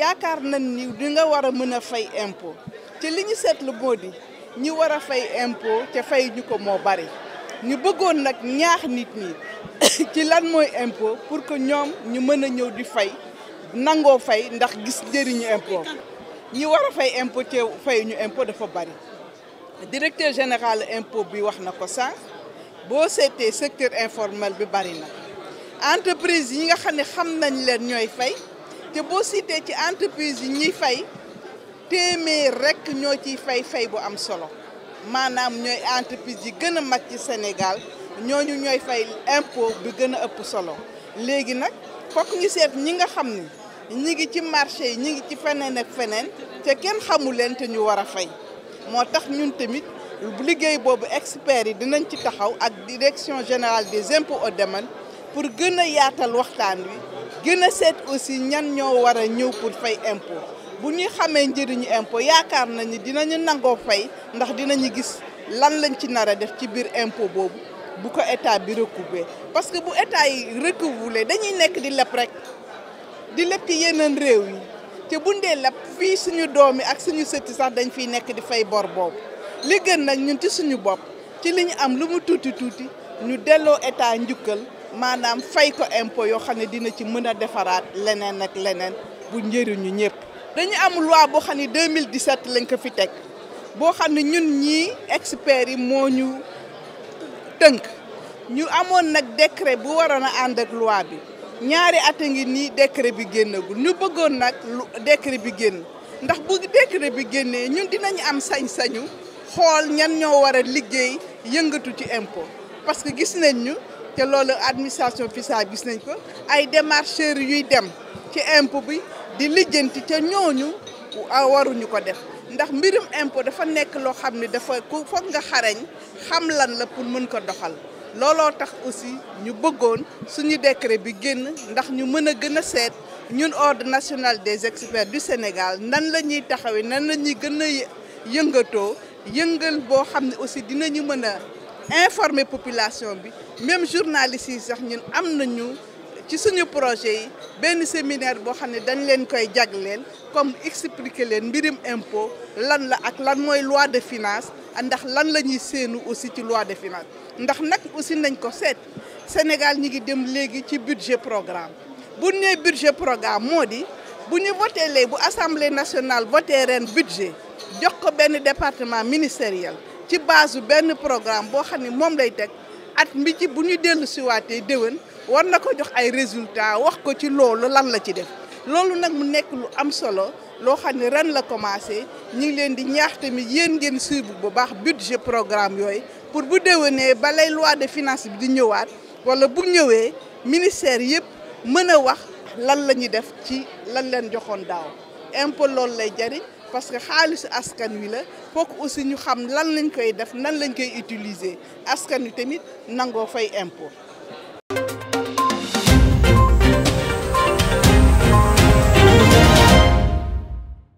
yaakaar nañ ni di nga war a mën a fay impôt te li ñu seetlu moo di ñu war a fay impôt te fay ñu ko moo bari ñu bëggoon nag ñaax nit ñi ci lan mooy impôt pour que ñoom ñu mën a ñëw di fay nangoo fay ndax gis njëriñu impôt ñi war a fay impôt te fay ñu impôt dafa bari directeur général impôt bi wax na ko sànq boo seetee secteur informel bi bari na entreprise yi nga xam ne xam nañ leen ñooy fay te boo cité ci entreprise yi ñuy fay téeméer rek ñoo ciy fay fay bu am solo maanaam ñooy entreprise yi gën a mag ci Sénégal ñooñu ñooy fay impôt bi gën a ëpp solo léegi nag fokk ñu seet ñi nga xam ni ñi ngi ci marché yi ñi ngi ci feneen ak feneen te kenn xamu leen te ñu war a fay moo tax ñun tamit liggéey boobu experts yi dinañ ci taxaw ak direction générale des impôts et domaines pour gën a yaatal waxtaan wi gën a seet aussi ñan ñoo war a ñëw pour fay impôt bu ñuy xamee njëriñu impôt yaakaar nañu dinañu nangoo fay ndax dinañu gis lan lañ ci nar a def ci biir impôt boobu bu ko état bi recouvrer parce que bu état yi recouvrer dañuy nekk di leb rek di leb ci yeneen réew yi te buñ dee leb fii suñu doom yi ak suñu sëtti sax dañ fiy nekk di fay bor boobu li gën nag ñun ci suñu bopp ci li ñu am lu mu tuuti tuuti ñu delloo état njukkal maanaam fay ko impôt yoo xam ne dina ci mën a defaraat leneen ak leneen bu njëriñu ñëpp. dañu am loi boo xam ne 2017 lañ ko fi teg boo xam ne ñun ñii experts yi moo ñu tënk ñu amoon nag décret bu waroon a ànd ak loi bi ñaari at ngi nii décret bi génnagul ñu bëggoon nag décret bi génn ndax bu décret bi génnee ñun dinañu am sañ-sañu xool ñan ñoo war a liggéey yëngatu ci impo parce que gis nañ ñu. te loolu administration fiscale gis nañ ko ay démarcheurs yuy dem ci impôt bi di lijjanti ca ñooñu waruñu ko def ndax mbirum impôt dafa nekk loo xam ne dafa ku foog nga xarañ xam lan la pour mën ko doxal looloo tax aussi ñu bëggoon suñu décret bi génn ndax ñu mën a gën a seet ñun ordre national des experts du Sénégal nan la ñuy taxawee nan la ñuy gën a yëngatoo yëngal boo xam ne aussi dinañu mën a informer population bi même journalistes yi sax ñun am nañu ci suñu projet yi benn séminaire boo xam ne dañ leen koy jagleel comme expliquer leen mbirim impo lan la ak lan mooy loi de finance ndax lan la ñuy séenu aussi ci loi de finance ndax nag aussi nañ ko seet Sénégal ñi ngi dem léegi ci budget programme bu ñu budget programme moo di bu ñu voté léegi bu assemblée nationale voté ren budget jox ko benn département ministériel ci base benn programme boo xam ne moom lay teg at mi ci bu ñu dellu siwaatee déwén war na ko jox ay résultats wax ko ci loolu lan la ci def loolu nag mu nekk lu am solo loo xam ne ren la commencé ñu ngi leen di ñaaxte tamit yéen ngeen suivre bu baax budget programme yooyu pour bu déwénee balay loi de finance bi di ñëwaat wala bu ñëwee ministère yëpp mën a wax lan la ñuy def ci lan leen joxoon daaw impôt loolu lay jariñ parce que xaalisu askan wi la foog aussi ñu xam lan lañ koy def nan lañ koy utiliser askan wi tamit nangoo fay impôt